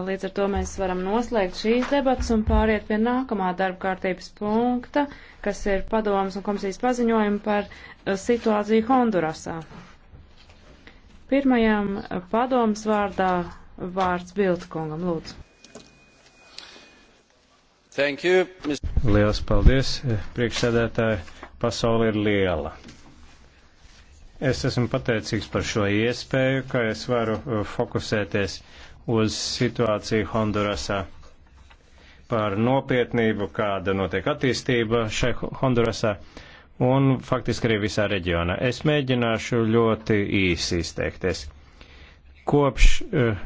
Līdz ar to mēs varam noslēgt šīs debatas un pāriet pie nākamā darba kārtības punkta, kas ir padomas un komisijas paziņojumi par eh, situāciju Hondurasā. Pirmajam eh, padomas vārdā vārds Bildkungam, lūdzu. Thank you, Ms. Liels paldies, eh, priekšsēdētāji. Pasaule ir liela. Es esmu pateicīgs par šo iespēju, ka es varu fokusēties uh, uz situāciju Hondurasā, par nopietnību, kāda notiek attīstība šai Hondurasā un faktiski arī visā reģionā. Es mēģināšu ļoti īsi izteikties. Kopš uh,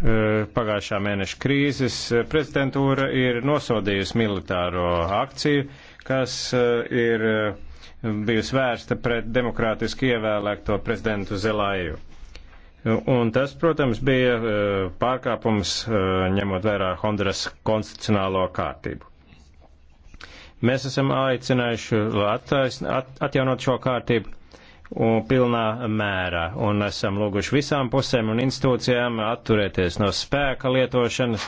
pagājušā mēneša krīzes eh, prezidentūra ir nosodījusi militāro akciju, kas uh, ir bijusi vērsta pret demokrātiski ievēlēto prezidentu Zelāju. Uh, Un tas, protams, bija eh, pārkāpums eh, ņemot vērā Honduras konstitucionālo kārtību. Mēs esam aicinājuši atjaunot šo kārtību un pilnā mērā, un esam lūguši visām pusēm un institūcijām atturēties no spēka lietošanas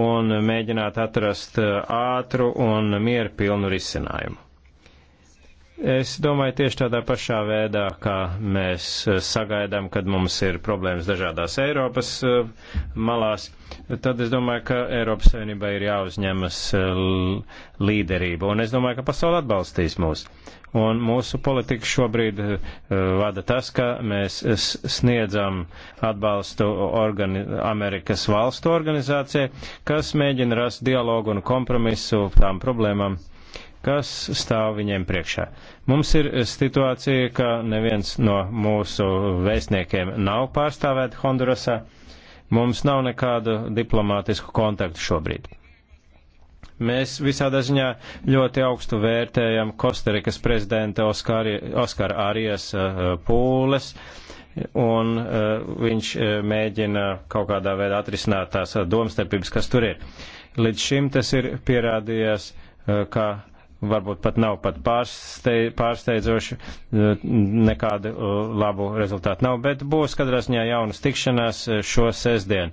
un mēģināt atrast eh, ātru un mieru pilnu risinājumu. Es domāju, tieši tādā pašā veidā, kā mēs eh, sagaidām, kad mums ir problēmas dažādās Eiropas eh, malās, tad es domāju, ka Eiropas Savienībai ir jāuzņemas eh, līderība, un es domāju, ka pasauli atbalstīs mūs. Un mūsu politika šobrīd vada tas, ka mēs sniedzam atbalstu organi Amerikas valstu organizācijai, kas mēģina rast dialogu un kompromisu tām problēmām kas stāv viņiem priekšā. Mums ir situācija, ka neviens no mūsu vēstniekiem nav pārstāvēt Hondurasā. Mums nav nekādu diplomātisku kontaktu šobrīd. Mēs visādā ziņā ļoti augstu vērtējam Kostarikas prezidenta Oskara Arijas uh, pūles, un uh, viņš uh, mēģina kaut kādā veidā atrisināt tās domstarpības, kas tur ir. Līdz šim tas ir pierādījies kā varbūt pat nav pat pārsteidzoši, e, nekādu e, labu rezultātu nav, bet būs katrā ziņā jaunas tikšanās e, šo sestdienu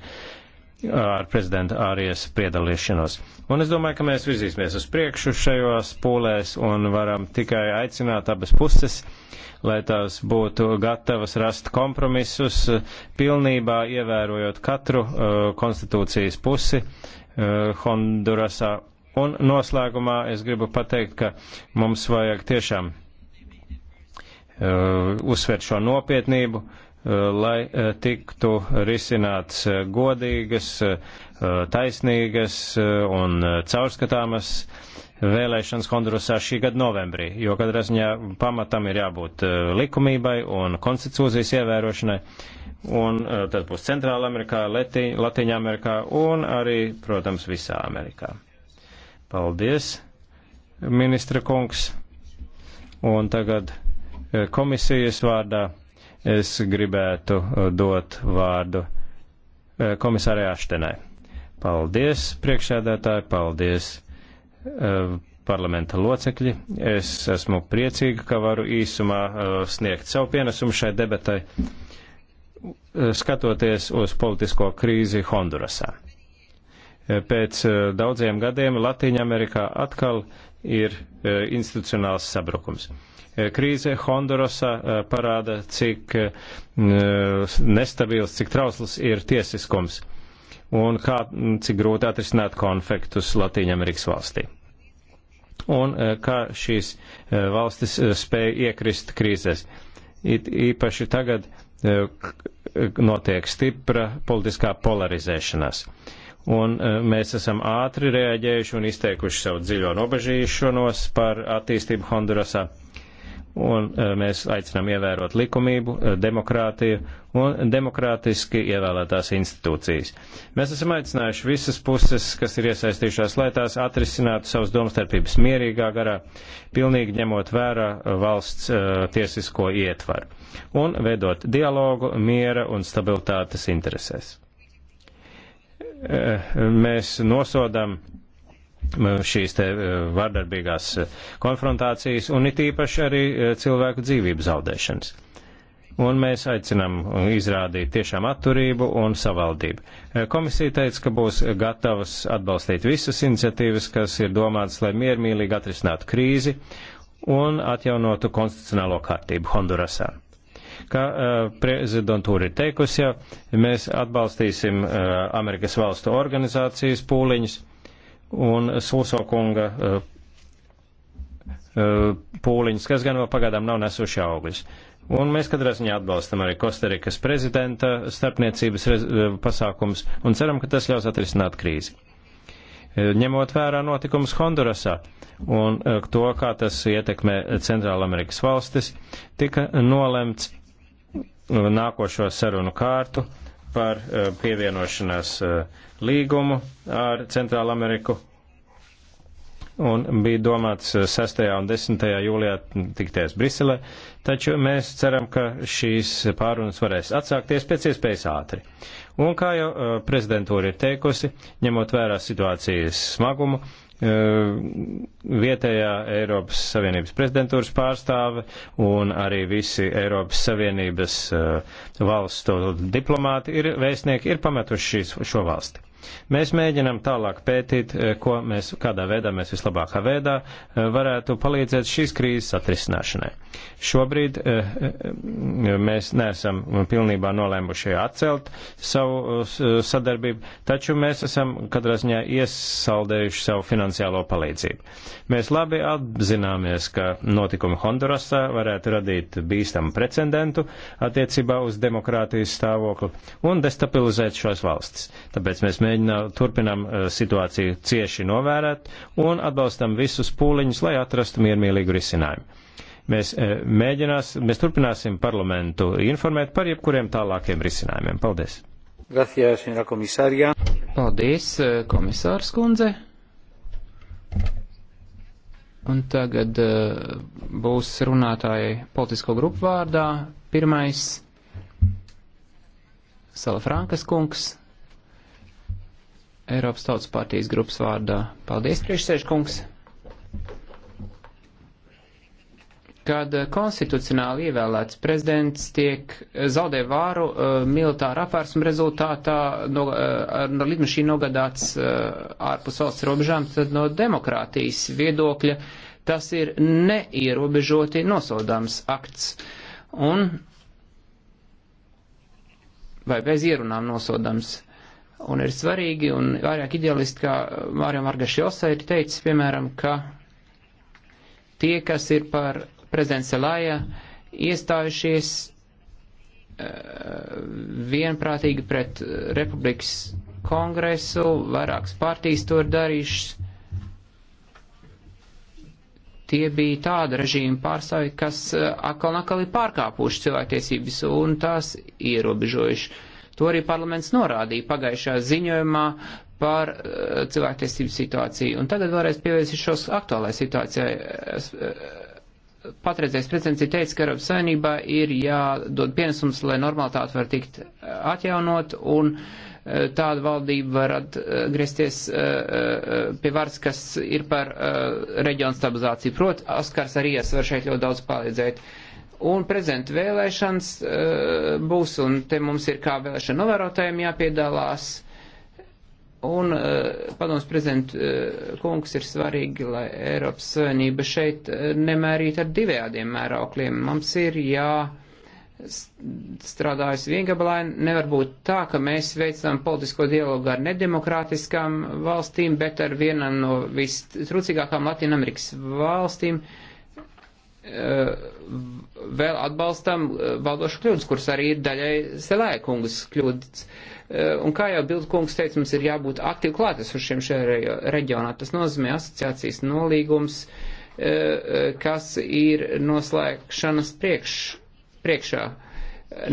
ar prezidentu ārijas piedalīšanos. Un es domāju, ka mēs virzīsimies uz priekšu šajos pūlēs un varam tikai aicināt abas puses, lai tās būtu gatavas rast kompromisus, pilnībā ievērojot katru uh, konstitūcijas pusi uh, Hondurasā Un noslēgumā es gribu pateikt, ka mums vajag tiešām uh, uzsvērt šo nopietnību, uh, lai uh, tiktu risināts uh, godīgas, uh, taisnīgas uh, un uh, caurskatāmas vēlēšanas Hondurasā šī gada novembrī, jo katrā ziņā pamatam ir jābūt uh, likumībai un konstitūcijas ievērošanai. Uh, un tad būs Centrāla Amerikā, Latiņa Amerikā un arī, protams, visā Amerikā. Paldies, ministra kungs. Un tagad eh, komisijas vārdā es gribētu eh, dot vārdu eh, komisārai Aštenai. Paldies, priekšsēdētāji, paldies parlamenta locekļi. Es esmu priecīga, ka varu īsumā sniegt savu pienesumu šai debatai, skatoties uz politisko krīzi Hondurasā pēc eh, daudziem gadiem Latīņa Amerikā atkal ir eh, institucionāls sabrukums. Eh, krīze Hondurasā parāda, cik nestabils, cik trausls ir tiesiskums un kā, cik grūti atrisināt konfliktus Latīņa Amerikas valstī un kā šīs valstis spēja iekrist krīzēs. It īpaši tagad notiek stipra politiskā polarizēšanās un e, mēs esam ātri reaģējuši un izteikuši savu dziļo nobežīšanos par attīstību Hondurasā. Un e, mēs aicinām ievērot likumību, e, demokrātiju un demokrātiski ievēlētās institūcijas. Mēs esam aicinājuši visas puses, kas ir iesaistījušās, lai tās atrisinātu savus domstarpības mierīgā garā, pilnīgi ņemot vērā valsts tiesisko ietvaru un veidot dialogu miera un stabilitātes interesēs mēs nosodam šīs te e, vardarbīgās e, konfrontācijas un it īpaši arī e, cilvēku dzīvību zaudēšanas. Un mēs aicinam izrādīt tiešām atturību un savaldību. Komisija teica, ka būs gatavas atbalstīt visas iniciatīvas, kas ir domātas, lai miermīlīgi atrisinātu krīzi un atjaunotu konstitucionālo kārtību Hondurasā. Kā eh, prezidentūra ir teikusi, ja mēs atbalstīsim eh, Amerikas valstu organizācijas pūliņus un Sūsokunga eh, pūliņus, kas gan vēl pagaidām nav nesuši augļus. Un mēs katrā ziņā atbalstam arī Kostarikas prezidenta starpniecības pasākums un ceram, ka tas ļaus atrisināt krīzi. Ņemot vērā notikumus Hondurasā un to, kā tas ietekmē Centrāla Amerikas valstis, tika nolemts nākošo sarunu kārtu par eh, pievienošanās eh, līgumu ar Centrālu Ameriku. Un bija domāts 6. Eh, un 10. jūlijā tikties Briselē, taču mēs ceram, ka šīs pārunas varēs atsākties pēc iespējas ātri. Un kā jau prezidentūra ir teikusi, ņemot vērā situācijas smagumu, Eh, vietējā Eiropas Savienības prezidentūras pārstāve un arī visi Eiropas Savienības eh, valstu diplomāti ir vēstnieki, ir pametuši šīs, šo valsti. Mēs mēģinam tālāk pētīt, eh, ko mēs, kādā veidā mēs vislabākā veidā varētu palīdzēt šīs krīzes atrisināšanai. Šobrīd eh, eh, mēs neesam pilnībā nolēmuši atcelt savu eh, sadarbību, taču mēs esam katrā ziņā iesaldējuši savu finansiālo palīdzību. Mēs labi apzināmies, ka notikumi Hondurasā varētu radīt bīstamu precedentu attiecībā uz demokrātijas stāvokli un destabilizēt šos valstis. Tāpēc mēs mēģinām turpinām situāciju cieši novērot un atbalstam visus pūliņus, lai atrastu miermīlīgu risinājumu. Mēs eh, mēģinās, mēs turpināsim parlamentu informēt par jebkuriem tālākiem risinājumiem. Paldies! Gracias, señora komisārija. Paldies, eh, komisārs kundze. Un tagad eh, būs runātāji politisko grupu vārdā. Pirmais - Salafrankas kungs, Eiropas Tautas partijas grupas vārdā. Paldies, priekšsēžkungs! kungs! kad eh, konstitucionāli ievēlēts prezidents tiek eh, zaudē vāru uh, militāra apvērsuma rezultātā, no, uh, no lidmašīna nogādāts uh, ārpus valsts robežām, tad no demokrātijas viedokļa tas ir neierobežoti nosodāms akts. Un vai bez ierunām nosodams. Un ir svarīgi, un vairāk idealisti, kā Mārijam Argašjosa ir teicis, piemēram, ka tie, kas ir par prezidents Elaja iestājušies eh, vienprātīgi pret eh, republikas kongresu, vairākas partijas to ir darījušas. Tie bija tāda režīma pārstāvji, kas eh, atkal un atkal ir pārkāpuši cilvēktiesības un tās ierobežojuši. To arī parlaments norādīja pagājušajā ziņojumā par cilvēktiesību situāciju. Un tagad vēlreiz pievērsīšos aktuālajai situācijai patreizējais prezidents ir teicis, ka Eiropas Savienībā ir jādod pienesums, lai normalitāte var tikt eh, atjaunot, un eh, tāda valdība var atgriezties eh, pie varas, kas ir par reģionu stabilizāciju. Proti, Oskars arī var šeit ļoti daudz palīdzēt. Un prezidenta vēlēšanas būs, un te mums ir kā vēlēšana novērotājiem jāpiedalās Un uh, padoms prezident uh, kungs ir svarīgi, lai Eiropas Savienība šeit uh, eh, nemērīt ar divējādiem mērokļiem. Mums ir jāstrādājas viengabalaini. Nevar būt tā, ka mēs veicam politisko dialogu ar nedemokrātiskām valstīm, bet ar vienam no vistrucīgākām Latīnamerikas valstīm. Uh, Eh, vēl atbalstam eh, valdošu kļūdas, kuras arī ir daļai Selēkungas kļūdas. Eh, un kā jau Bildkungs teica, mums ir jābūt aktīvi klātesošiem šajā reģionā. Tas nozīmē asociācijas nolīgums, kas ir noslēgšanas priekš, priekšā.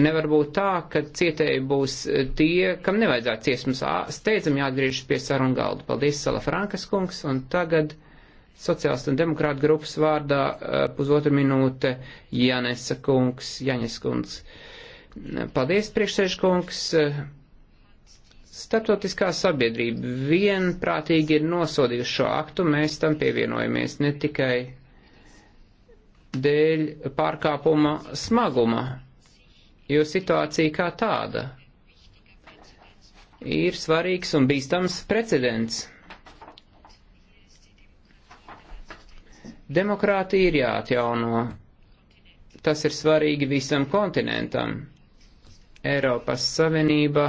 Nevar būt tā, ka cietēji būs tie, kam nevajadzētu ciest. Mums steidzam jāatgriežas pie sarunu galda. Paldies, Sala Frankas kungs, un tagad. Sociālistu un demokrātu grupas vārdā eh, pusotru minūte Janesa kungs, Jaņes kungs. Paldies, priekšsēžkungs. Startautiskā sabiedrība vienprātīgi ir nosodījusi šo aktu, mēs tam pievienojamies ne tikai dēļ pārkāpuma smaguma, jo situācija kā tāda ir svarīgs un bīstams precedents. Demokrātija ir jāatjauno. Tas ir svarīgi visam kontinentam. Eiropas Savienība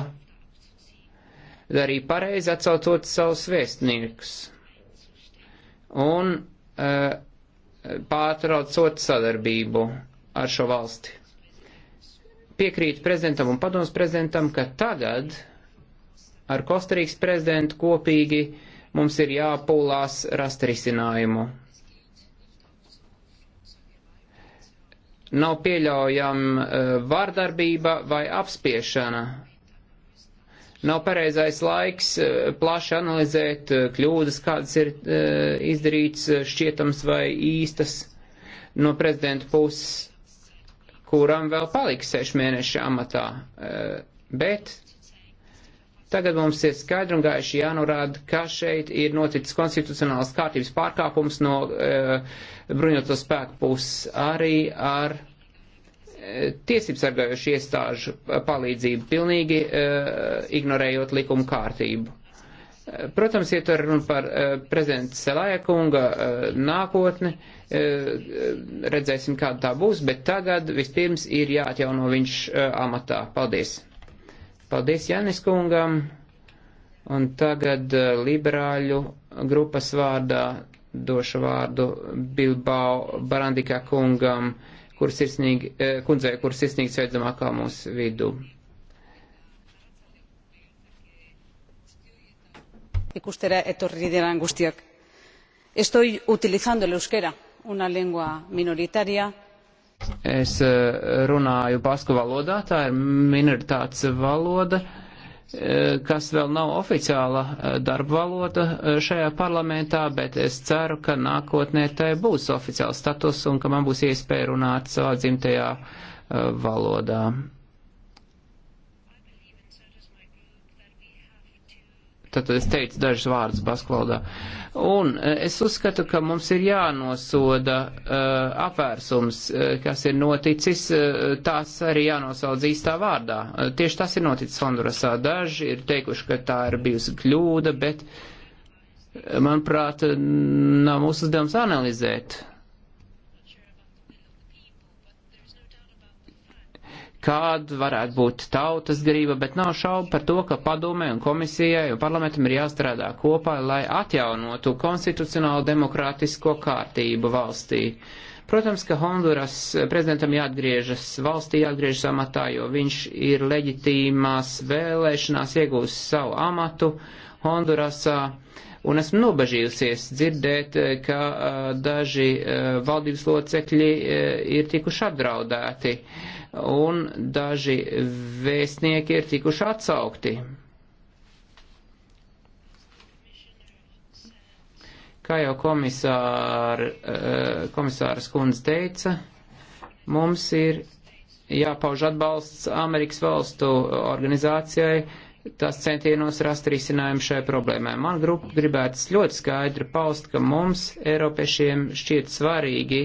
arī pareizi atsaucot savus vēstniekus un uh, pārtraucot sadarbību ar šo valsti. Piekrīt prezidentam un padoms prezidentam, ka tagad ar Kostarīgas prezidentu kopīgi mums ir jāpūlās rast risinājumu. nav pieļaujama eh, vārdarbība vai apspiešana. Nav pareizais laiks eh, plaši analizēt eh, kļūdas, kādas ir izdarīts šķietams vai īstas no prezidenta puses, kuram vēl paliks sešu mēnešu amatā. Bet Tagad mums ir skaidri un gaiši jānorāda, ka šeit ir noticis konstitucionālas kārtības pārkāpums no e, bruņoto spēku puses arī ar e, eh, tiesību sargājušu iestāžu palīdzību, pilnīgi e, ignorējot likumu kārtību. Protams, iet ar runu par e, prezidenta Selāja kunga e, nākotni, e, redzēsim, kāda tā būs, bet tagad vispirms ir jāatjauno viņš e, amatā. Paldies! Paldies Janis kungam. Un tagad eh, liberāļu grupas vārdā došu vārdu Bilbao Barandikā kungam, kur sirsnīgi, eh, kundzei, kur sirsnīgi sveicamākā mūsu vidu. ikustera etorri diren guztiak. Estoy utilizando el euskera, una lengua minoritaria Es eh, runāju basku valodā, tā ir minoritāts valoda, eh, kas vēl nav oficiāla eh, darba valoda šajā parlamentā, bet es ceru, ka nākotnē tai būs oficiāls status un ka man būs iespēja runāt savā dzimtajā valodā. tad es teicu dažus vārdus basklaudā. Un e, es uzskatu, ka mums ir jānosoda uh, apvērsums, uh, kas ir noticis, uh, tās arī jānosauc īstā vārdā. Uh, tieši tas ir noticis Hondurasā. Daži ir teikuši, ka tā ir bijusi kļūda, bet, manuprāt, nav mūsu uzdevums analizēt kāda varētu būt tautas grība, bet nav šaubu par to, ka padomē un komisijai un parlamentam ir jāstrādā kopā, lai atjaunotu konstitucionālu demokrātisko kārtību valstī. Protams, ka Honduras prezidentam jāatgriežas valstī, jāatgriežas amatā, jo viņš ir leģitīmās vēlēšanās iegūst savu amatu Hondurasā. Un esmu nobežījusies dzirdēt, ka eh, daži eh, valdības locekļi eh, ir tikuši apdraudēti. Uh, un daži vēstnieki ir tikuši atsaukti. Kā jau komisāra, eh, komisāras kundze teica, mums ir jāpauž atbalsts Amerikas valstu organizācijai, tās centienos rast risinājumu šai problēmai. Man grupa gribētu ļoti skaidri paust, ka mums, Eiropiešiem, šķiet svarīgi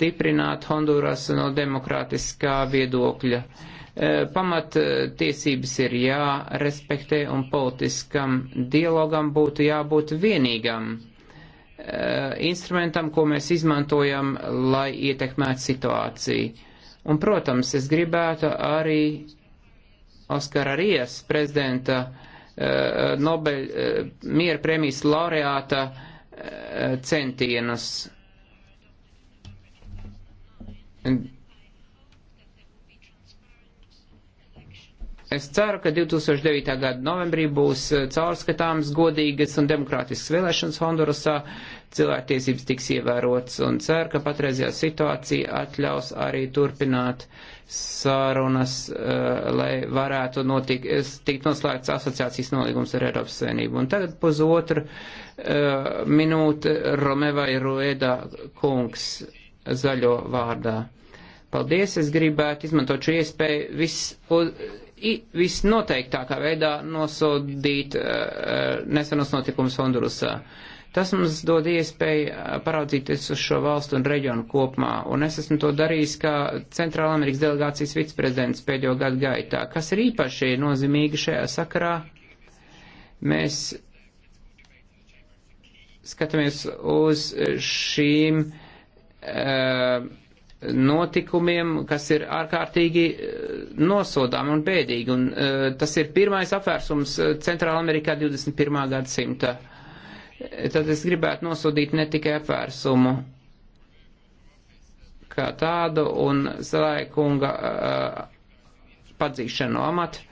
stiprināt Honduras no demokrātiskā viedokļa. E, pamat e, tiesības ir jārespektē un politiskam dialogam būtu jābūt vienīgam e, instrumentam, ko mēs izmantojam, lai ietekmētu situāciju. Un, protams, es gribētu arī Oskara Rijas prezidenta Nobel miera prēmijas laureāta centienus Es ceru, ka 2009. gada novembrī būs eh, caurskatāms, godīgas un demokrātiskas vēlēšanas Hondurasā, cilvēktiesības tiks ievērotas un ceru, ka patreizajā situācija atļaus arī turpināt sarunas, eh, lai varētu notik, eh, tikt noslēgts asociācijas nolīgums ar Eiropas Savienību. Un tagad pusotru minūte Romevai Rueda kungs zaļo vārdā. Paldies, es gribētu izmantot šo iespēju viss uz, visnoteiktākā veidā nosodīt uh, nesenos notikumus Hondurasā. Tas mums dod iespēju e, paraudzīties uz šo valstu un reģionu kopumā, un es esmu to darījis kā Centrāla Amerikas delegācijas viceprezidents pēdējo gadu gaitā. Kas ir īpaši nozīmīgi šajā sakarā? Mēs skatāmies uz šīm uh, Eh, notikumiem, kas ir ārkārtīgi eh, nosodām un bēdīgi. Un, eh, tas ir pirmais apvērsums Centrāla Amerikā 21. gadsimta. Tad es gribētu nosodīt ne tikai apvērsumu kā tādu un Zelaikunga padzīšanu no amatu,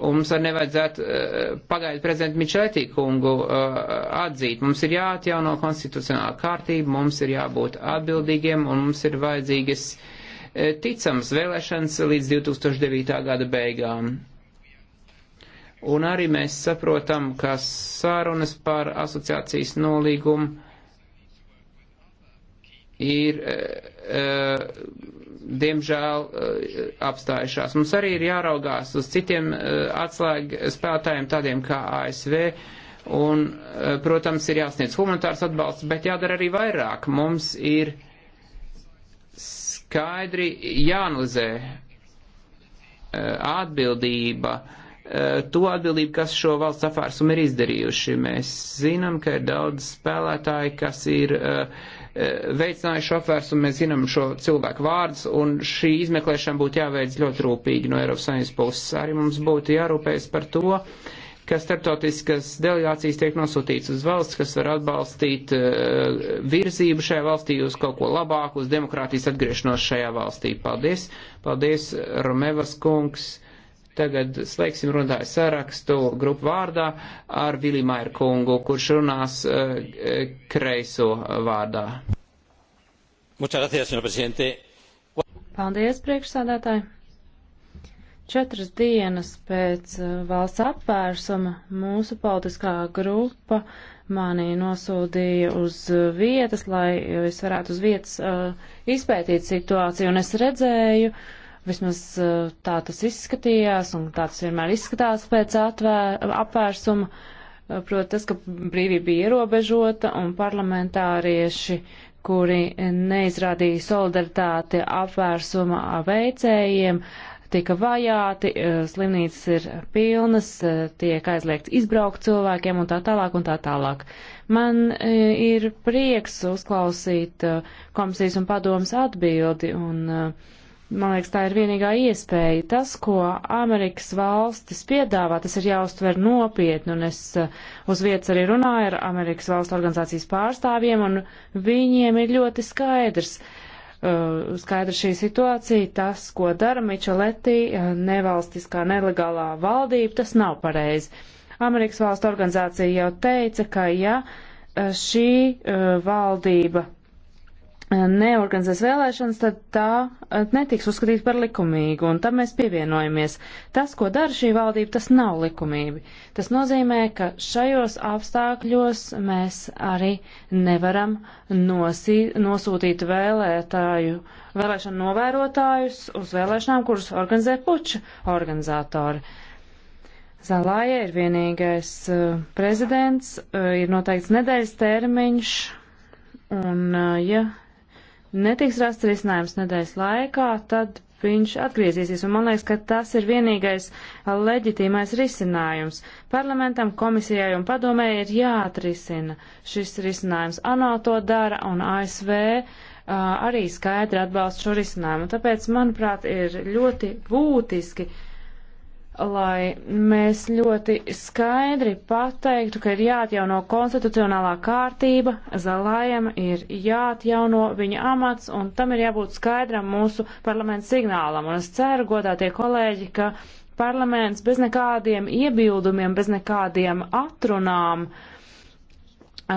Un mums arī nevajadzētu uh, eh, pagaidu prezidentu Mičētī kungu uh, atzīt. Mums ir jāatjauno konstitucionāla kārtība, mums ir jābūt atbildīgiem un mums ir vajadzīgas uh, eh, ticams vēlēšanas līdz 2009. gada beigām. Un arī mēs saprotam, ka sārunas par asociācijas nolīgumu ir uh, diemžēl eh, apstājušās. Mums arī ir jāraugās uz citiem eh, atslēgu spēlētājiem, tādiem kā ASV. Un, eh, protams, ir jāsniedz humanitārs atbalsts, bet jādara arī vairāk. Mums ir skaidri jāanalizē atbildība, to atbildību, kas šo valsts apvērsumu ir izdarījuši. Mēs zinām, ka ir daudz spēlētāji, kas ir uh, E, veicinājuši apvērsumu, mēs zinām šo cilvēku vārdus, un šī izmeklēšana būtu jāveic ļoti rūpīgi no Eiropas Savienības puses. Arī mums būtu jārūpējas par to, ka starptautiskas delegācijas tiek nosūtītas uz valsts, kas var atbalstīt uh, virzību šajā valstī uz kaut ko labāku, uz demokrātijas atgriešanos šajā valstī. Paldies! Paldies, Romevas kungs! Tagad slēgsim runātāju sarakstu grupu vārdā ar Vilimairu kungu, kurš runās uh, kreiso vārdā. Paldies, priekšsādātāji! Četras dienas pēc eh, valsts apvērsuma mūsu politiskā grupa mani nosūtīja uz vietas, lai es varētu uz vietas uh, izpētīt situāciju, un es redzēju, uh, Vismaz eh, tā tas izskatījās, un tā tas vienmēr izskatās pēc atvēr, apvērsuma. Eh, proti tas, ka brīvība bija ierobežota un parlamentārieši, kuri neizrādīja solidaritāti apvērsuma veicējiem, tika vajāti, eh, slimnīcas ir pilnas, tiek aizliegts izbraukt cilvēkiem un tā tālāk un tā tālāk. Man ir prieks uzklausīt komisijas un padomas atbildi un uh, Man liekas, tā ir vienīgā iespēja. Tas, ko Amerikas valstis piedāvā, tas ir jāuztver nopietni, un es uh, uz vietas arī runāju ar Amerikas valstu organizācijas pārstāvjiem, un viņiem ir ļoti skaidrs, uh, skaidra šī situācija, tas, ko dara Mičoletī, uh, nevalstiskā nelegālā valdība, tas nav pareizi. Amerikas valstu organizācija jau teica, ka ja šī valdība neorganizēs vēlēšanas, tad tā e, netiks uzskatīta par likumīgu, un tam mēs pievienojamies. Tas, ko dara šī valdība, tas nav likumība. Tas nozīmē, ka šajos apstākļos mēs arī nevaram nosī, nosūtīt vēlētāju, vēlēšanu novērotājus uz vēlēšanām, kuras organizē puča organizatori. Zalāja ir vienīgais uh, prezidents, uh, ir noteikts nedēļas termiņš, un, uh, ja netiks rasts risinājums nedēļas laikā, tad viņš atgriezīsies, un man liekas, ka tas ir vienīgais leģitīmais risinājums. Parlamentam, komisijai un padomē ir jāatrisina šis risinājums. ANO to dara, un ASV uh, arī skaidri atbalsta šo risinājumu. Tāpēc, manuprāt, ir ļoti būtiski uh, lai mēs ļoti skaidri pateiktu, ka ir jāatjauno konstitucionālā kārtība, Zalājam ir jāatjauno viņa amats, un tam ir jābūt skaidram mūsu parlamentu signālam. Un es ceru, godā tie kolēģi, ka parlaments bez nekādiem iebildumiem, bez nekādiem atrunām uh,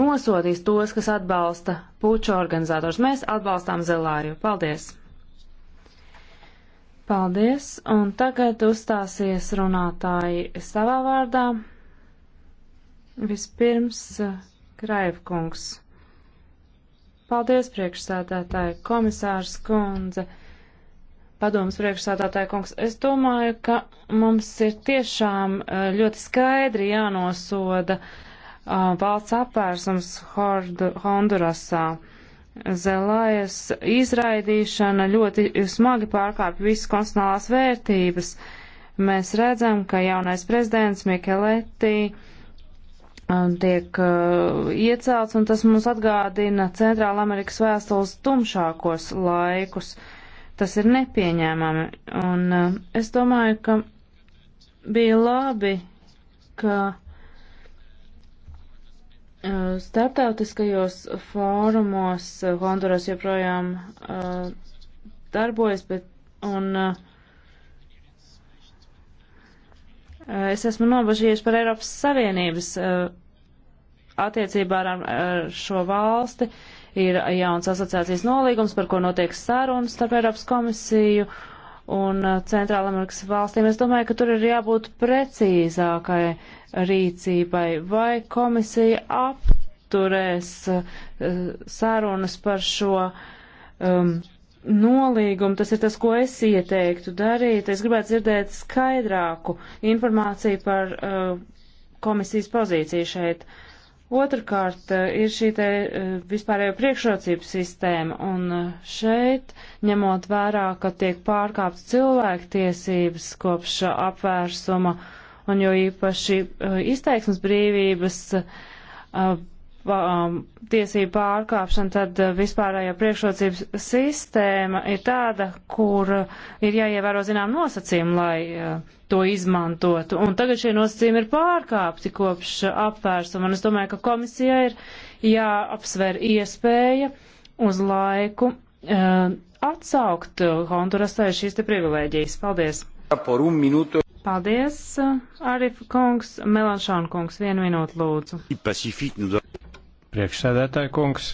nosodīs tos, kas atbalsta puča organizators. Mēs atbalstām Zelāju. Paldies! Paldies, un tagad uzstāsies runātāji savā vārdā. Vispirms eh, Kraivkungs. Paldies, priekšsēdētāji, komisārs kundze, padomas priekšsēdētāji kungs. Es domāju, ka mums ir tiešām eh, ļoti skaidri jānosoda uh, valsts apvērsums Hondurasā. Uh, Zelājas izraidīšana ļoti smagi pārkāpj visas konstitucionālās vērtības. Mēs redzam, ka jaunais prezidents Mikeletti um, tiek uh, iecelts, un tas mums atgādina Centrāla Amerikas vēstules tumšākos laikus. Tas ir nepieņēmami, un uh, es domāju, ka bija labi, ka Startautiskajos fórumos Honduras joprojām uh, darbojas, bet un uh, es esmu nobažījies par Eiropas Savienības uh, attiecībā ar, ar šo valsti. Ir jauns asociācijas nolīgums, par ko notiek sarunas starp Eiropas komisiju un uh, Centrālamerikas valstīm. Es domāju, ka tur ir jābūt precīzākai rīcībai. Vai komisija apturēs uh, sarunas par šo um, nolīgumu? Tas ir tas, ko es ieteiktu darīt. Es gribētu dzirdēt skaidrāku informāciju par uh, komisijas pozīciju šeit. Uh, Otrakārt eh, ir šī te eh, vispārējo priekšrocību sistēma, un eh, šeit, ņemot vērā, ka tiek pārkāpts cilvēktiesības kopš apvērsuma, un jo īpaši izteiksmes brīvības Um, tiesību pārkāpšana, tad uh, vispārējā priekšrocības sistēma ir tāda, kur uh, ir jāievēro zinām nosacījumi, lai uh, to izmantotu. Un tagad šie nosacījumi ir pārkāpti kopš apvērsuma, un es domāju, ka komisijai ir jāapsver iespēja uz laiku atsaukt Hondurasai šīs te privilēģijas. Paldies! Por un minūtu. Paldies, Arif kungs. Melanšāna kungs, vienu minūtu lūdzu. Pacific, priekšsēdētāja kungs,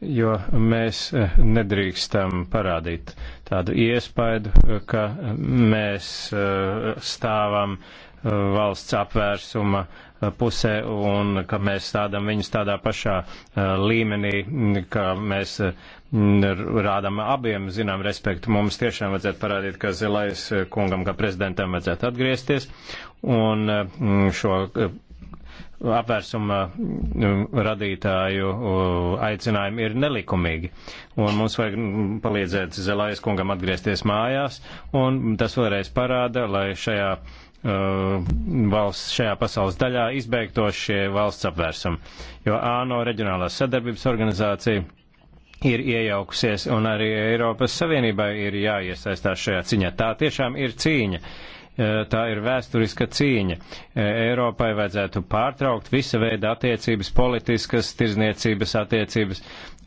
jo mēs eh, nedrīkstam parādīt tādu iespaidu, eh, ka mēs eh, stāvam valsts apvērsuma pusē un ka mēs stādam viņus tādā pašā līmenī, ka mēs rādam abiem, zinām, respektu. Mums tiešām vajadzētu parādīt, ka Zilais kungam, ka prezidentam vajadzētu atgriezties un šo apvērsuma mm, radītāju aicinājumi ir nelikumīgi. Un mums vajag mm, palīdzēt Zelājas kungam atgriezties mājās, un tas vēlreiz parāda, lai šajā uh, valsts, šajā pasaules daļā izbeigto šie valsts apvērsumi. Jo ANO reģionālās sadarbības organizācija ir iejaukusies, un arī Eiropas Savienībai ir jāiesaistās šajā ciņā. Tā tiešām ir cīņa. Uh, Eh, tā ir vēsturiska cīņa. Eh, Eiropai vajadzētu pārtraukt visa veida attiecības, politiskas, tirzniecības attiecības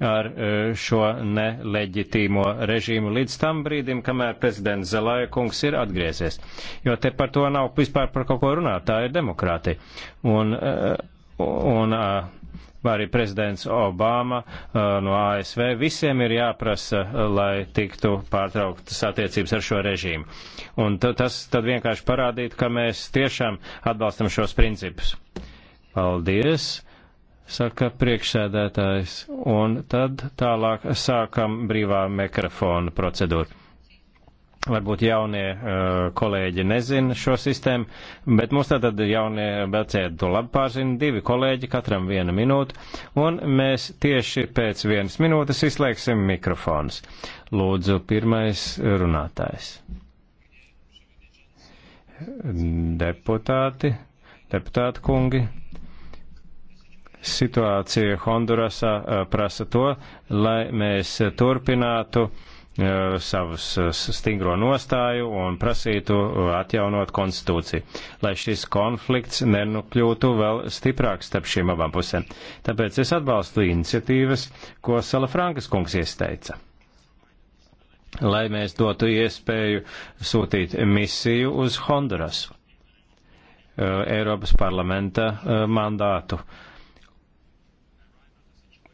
ar eh, šo neleģitīmo režīmu līdz tam brīdim, kamēr prezidents Zelāja kungs ir atgriezies. Jo te par to nav vispār par kaut ko runāt, tā ir demokrātija. Un, un, un vai arī prezidents Obama uh, no ASV, visiem ir jāprasa, uh, lai tiktu pārtrauktas attiecības ar šo režīmu. Un tas tad vienkārši parādītu, ka mēs tiešām atbalstam šos principus. Paldies, saka priekšsēdētājs, un tad tālāk sākam brīvā mikrofona procedūru varbūt jaunie uh, kolēģi nezina šo sistēmu, bet mums tātad jaunie belcēdi to labi pārzina, divi kolēģi, katram viena minūte, un mēs tieši pēc vienas minūtes izslēgsim mikrofons. Lūdzu, pirmais runātājs. Deputāti, deputāti kungi. Situācija Hondurasā uh, prasa to, lai mēs turpinātu uh, Uh, savus uh, stingro nostāju un prasītu uh, atjaunot konstitūciju, lai šis konflikts nenukļūtu vēl stiprāks starp šīm abām pusēm. Tāpēc es atbalstu iniciatīvas, ko Salafrankas kungs iesteica. Lai mēs dotu iespēju sūtīt misiju uz Hondurasu, Eiropas parlamenta mandātu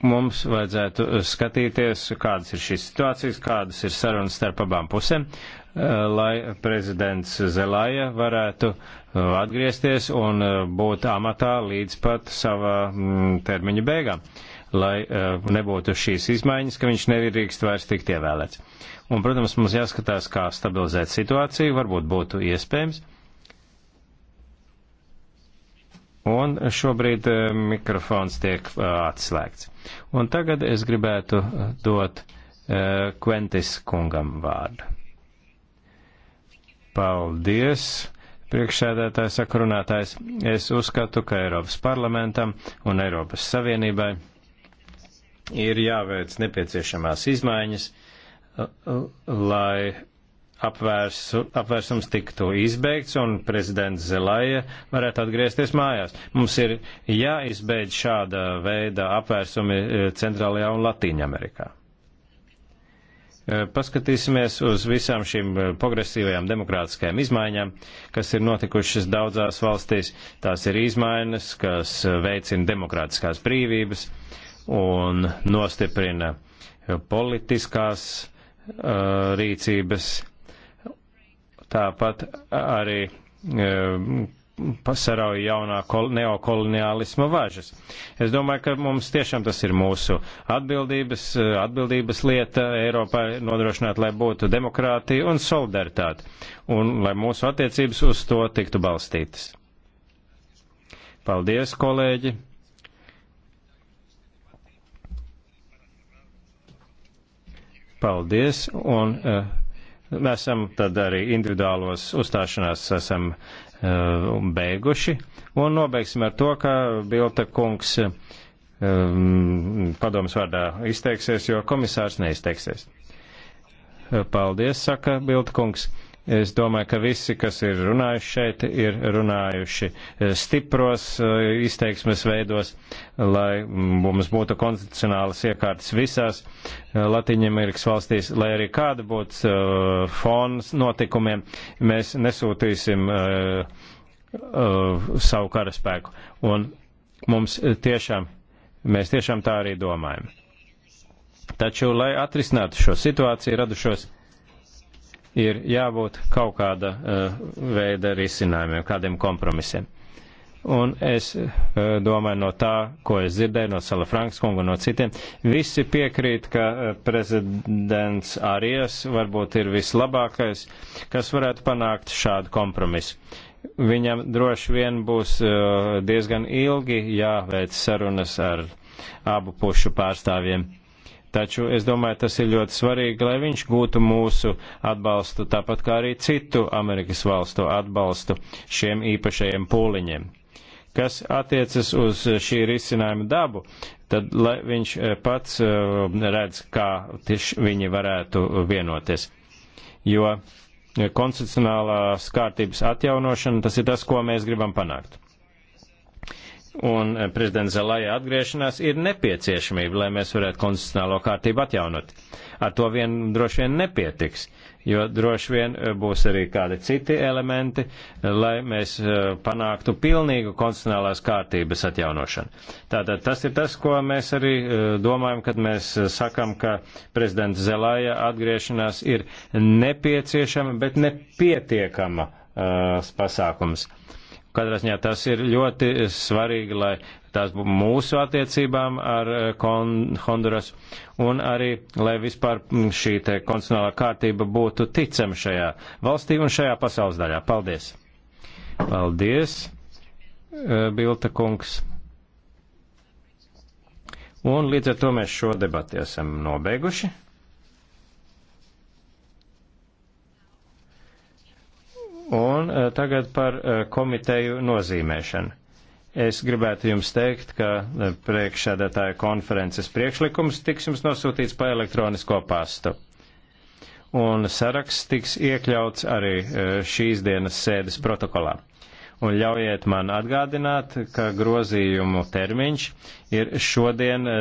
mums vajadzētu eh, skatīties, kādas ir šīs situācijas, kādas ir sarunas starp abām pusēm, eh, lai prezidents Zelāja varētu eh, atgriezties un būt amatā līdz pat sava mm, termiņa beigām, lai nebūtu šīs izmaiņas, ka viņš nevirīkst vairs tikt ievēlēts. Un, protams, mums jāskatās, kā stabilizēt situāciju, varbūt būtu iespējams Un šobrīd eh, mikrofons tiek eh, atslēgts. Un tagad es gribētu eh, dot Kventis kungam vārdu. Paldies! Priekšsēdētājs sakrunātājs, es uzskatu, ka Eiropas parlamentam un Eiropas Savienībai ir jāveic nepieciešamās izmaiņas, lai apvērsu, apvērsums tiktu izbeigts un prezidents Zelaja varētu atgriezties mājās. Mums ir jāizbeidz šāda veida apvērsumi e, Centrālajā un Latīņa Amerikā. E, paskatīsimies uz visām šīm e, progresīvajām demokrātiskajām izmaiņām, kas ir notikušas daudzās valstīs. Tās ir izmaiņas, kas veicina demokrātiskās brīvības un nostiprina politiskās uh, rīcības uh, Tāpat arī e, pasarauja jaunā kol, neokoloniālisma važas. Es domāju, ka mums tiešām tas ir mūsu atbildības, e, atbildības lieta Eiropai nodrošināt, lai būtu demokrātija un solidaritāte, un lai mūsu attiecības uz to tiktu balstītas. Paldies, kolēģi! Paldies, un uh, esam tad arī individuālos uzstāšanās esam uh, beiguši. Un nobeigsim ar to, ka Bilta kungs um, padomas vārdā izteiksies, jo komisārs neizteiksies. Paldies, saka Bilta kungs. Es domāju, ka visi, kas ir runājuši šeit, ir runājuši eh, stipros eh, izteiksmes veidos, lai mums būtu konstitucionālas iekārtas visās eh, Latīņamerikas valstīs, lai arī kāda būtu fons notikumiem, mēs nesūtīsim savu karaspēku. Un mums tiešām, mēs tiešām tā arī domājam. Taču, lai atrisinātu šo situāciju radušos, ir jābūt kaut kāda uh, veida risinājumiem, kādiem kompromisiem. Un es uh, domāju no tā, ko es dzirdēju no Sala Franks kunga un no citiem, visi piekrīt, ka uh, prezidents Arijas varbūt ir vislabākais, kas varētu panākt šādu kompromisu. Viņam droši vien būs uh, diezgan ilgi jāveic sarunas ar abu pušu pārstāvjiem. Uh, Taču es domāju, tas ir ļoti svarīgi, lai viņš gūtu mūsu atbalstu, tāpat kā arī citu Amerikas valstu atbalstu šiem īpašajiem pūliņiem. Kas attiecas uz šī risinājuma dabu, tad lai viņš eh, pats eh, redz, kā tieši viņi varētu vienoties. Jo konstitucionālās kārtības atjaunošana, tas ir tas, ko mēs gribam panākt un eh, prezidenta Zelāja atgriešanās ir nepieciešamība, lai mēs varētu konstitucionālo kārtību atjaunot. Ar to vien droši vien nepietiks, jo droši vien eh, būs arī kādi citi elementi, eh, lai mēs panāktu pilnīgu konstitucionālās kārtības atjaunošanu. Tātad tas ir tas, ko mēs arī domājam, kad mēs sakam, ka prezidenta Zelāja atgriešanās ir nepieciešama, bet nepietiekama uh, pasākums. Uh, Katrā ziņā tas ir ļoti svarīgi, lai tās būtu mūsu attiecībām ar kon, eh, Honduras un arī, lai vispār mm, šī te konstitucionālā kārtība būtu ticama šajā valstī un šajā pasaules daļā. Paldies! Paldies, eh, Bilta kungs! Un līdz ar to mēs šo debati esam nobeiguši. Un eh, tagad par eh, komiteju nozīmēšanu. Es gribētu jums teikt, ka eh, priekšsēdētāja konferences priekšlikums tiks jums nosūtīts pa elektronisko pastu. Un saraksts tiks iekļauts arī šīs dienas sēdes protokolā. Un ļaujiet man atgādināt, ka grozījumu termiņš ir šodien.